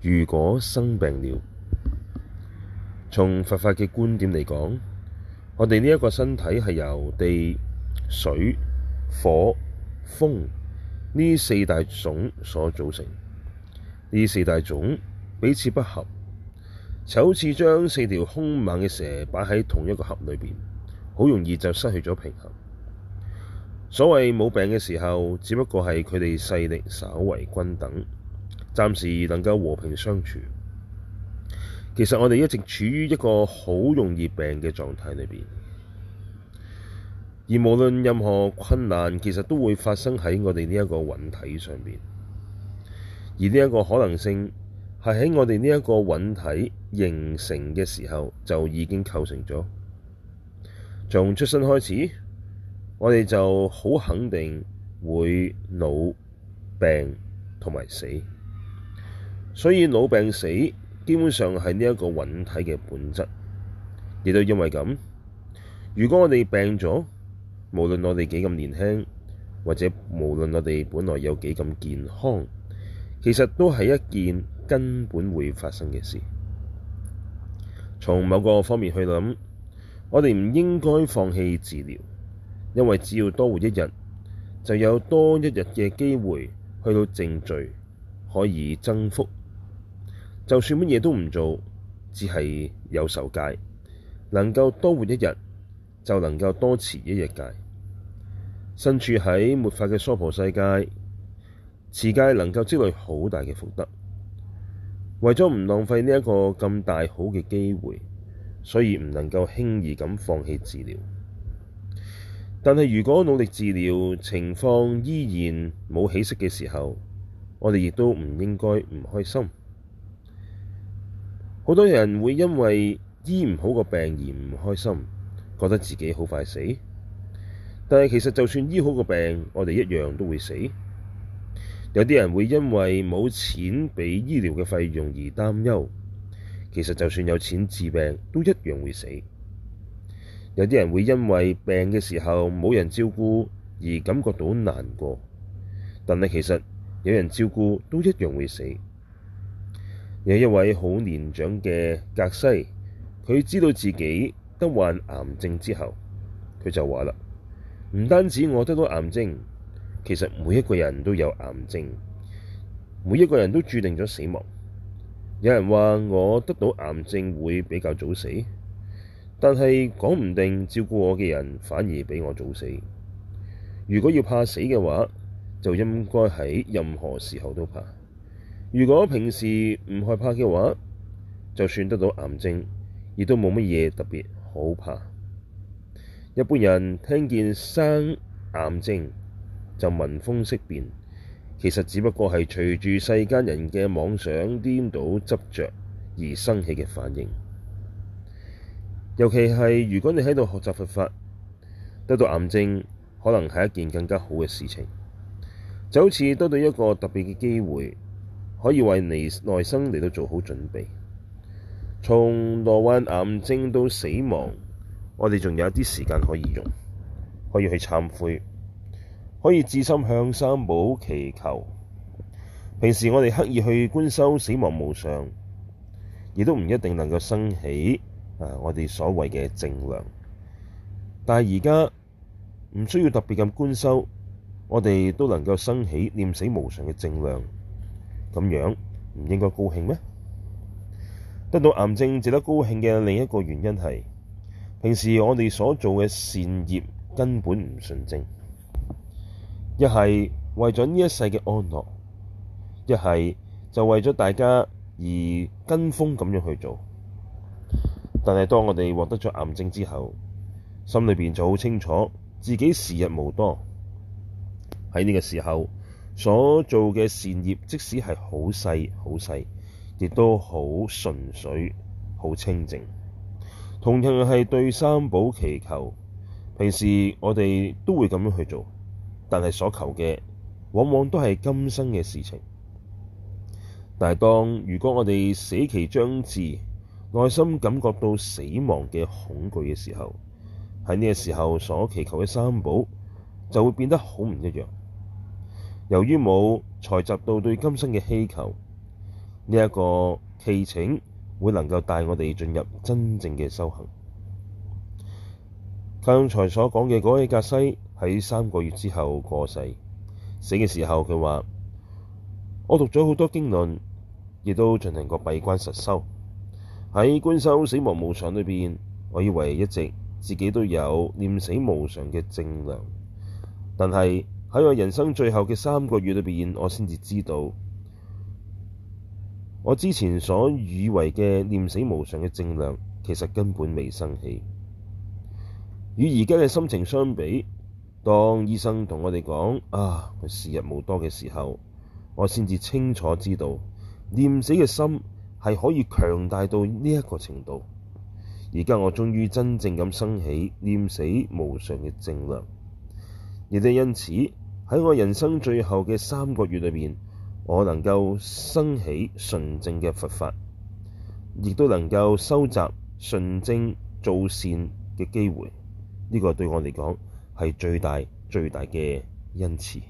如果生病了，從佛法嘅觀點嚟講，我哋呢一個身體係由地、水、火、風呢四大種所組成。呢四大種彼此不合，就好似將四條凶猛嘅蛇擺喺同一個盒裏邊，好容易就失去咗平衡。所謂冇病嘅時候，只不過係佢哋勢力稍為均等。暫時能夠和平相處。其實我哋一直處於一個好容易病嘅狀態裏邊，而無論任何困難，其實都會發生喺我哋呢一個蘊體上邊。而呢一個可能性係喺我哋呢一個蘊體形成嘅時候就已經構成咗。從出生開始，我哋就好肯定會老、病同埋死。所以老病死基本上係呢一個韻體嘅本質，亦都因為咁。如果我哋病咗，無論我哋幾咁年輕，或者無論我哋本來有幾咁健康，其實都係一件根本會發生嘅事。從某個方面去諗，我哋唔應該放棄治療，因為只要多活一日，就有多一日嘅機會去到正序，可以增幅。就算乜嘢都唔做，只係有受戒，能夠多活一日就能夠多持一日戒。身處喺末法嘅娑婆世界，持戒能夠積累好大嘅福德。為咗唔浪費呢一個咁大好嘅機會，所以唔能夠輕易咁放棄治療。但係如果努力治療情況依然冇起色嘅時候，我哋亦都唔應該唔開心。好多人會因為醫唔好個病而唔開心，覺得自己好快死。但係其實就算醫好個病，我哋一樣都會死。有啲人會因為冇錢畀醫療嘅費用而擔憂，其實就算有錢治病，都一樣會死。有啲人會因為病嘅時候冇人照顧而感覺到難過，但係其實有人照顧都一樣會死。有一位好年長嘅格西，佢知道自己得患癌症之後，佢就話啦：唔單止我得到癌症，其實每一個人都有癌症，每一個人都注定咗死亡。有人話我得到癌症會比較早死，但係講唔定照顧我嘅人反而比我早死。如果要怕死嘅話，就應該喺任何時候都怕。如果平時唔害怕嘅話，就算得到癌症，亦都冇乜嘢特別好怕。一般人聽見生癌症就聞風色變，其實只不過係隨住世間人嘅妄想顛倒執着而生起嘅反應。尤其係如果你喺度學習佛法，得到癌症可能係一件更加好嘅事情，就好似得到一個特別嘅機會。可以為你內生嚟到做好準備，從罹患癌症到死亡，我哋仲有啲時間可以用，可以去懺悔，可以至心向三寶祈求。平時我哋刻意去觀修死亡無常，亦都唔一定能夠生起啊，我哋所謂嘅正量。但係而家唔需要特別咁觀修，我哋都能夠生起念死無常嘅正量。咁樣唔應該高興咩？得到癌症值得高興嘅另一個原因係，平時我哋所做嘅善業根本唔純正，一係為咗呢一世嘅安樂，一係就為咗大家而跟風咁樣去做。但係當我哋獲得咗癌症之後，心裏邊就好清楚自己時日無多，喺呢個時候，所做嘅善業，即使係好細好細，亦都好純粹、好清淨。同樣係對三寶祈求，平時我哋都會咁樣去做，但係所求嘅往往都係今生嘅事情。但係當如果我哋死期將至，內心感覺到死亡嘅恐懼嘅時候，喺呢個時候所祈求嘅三寶就會變得好唔一樣。由於冇採集到對今生嘅希求，呢、這、一個祈請會能夠帶我哋進入真正嘅修行。剛才所講嘅嗰位格西喺三個月之後過世，死嘅時候佢話：我讀咗好多經論，亦都進行過閉關實修。喺觀修死亡無常裏邊，我以為一直自己都有念死無常嘅正量，但係。喺我人生最後嘅三個月裏邊，我先至知道我之前所以為嘅念死無常嘅正量，其實根本未生起。與而家嘅心情相比，當醫生同我哋講啊，時日無多嘅時候，我先至清楚知道念死嘅心係可以強大到呢一個程度。而家我終於真正咁生起念死無常嘅正量。亦都因此喺我人生最後嘅三個月裏面，我能夠生起純正嘅佛法，亦都能夠收集純正造善嘅機會。呢、這個對我嚟講係最大最大嘅恩賜。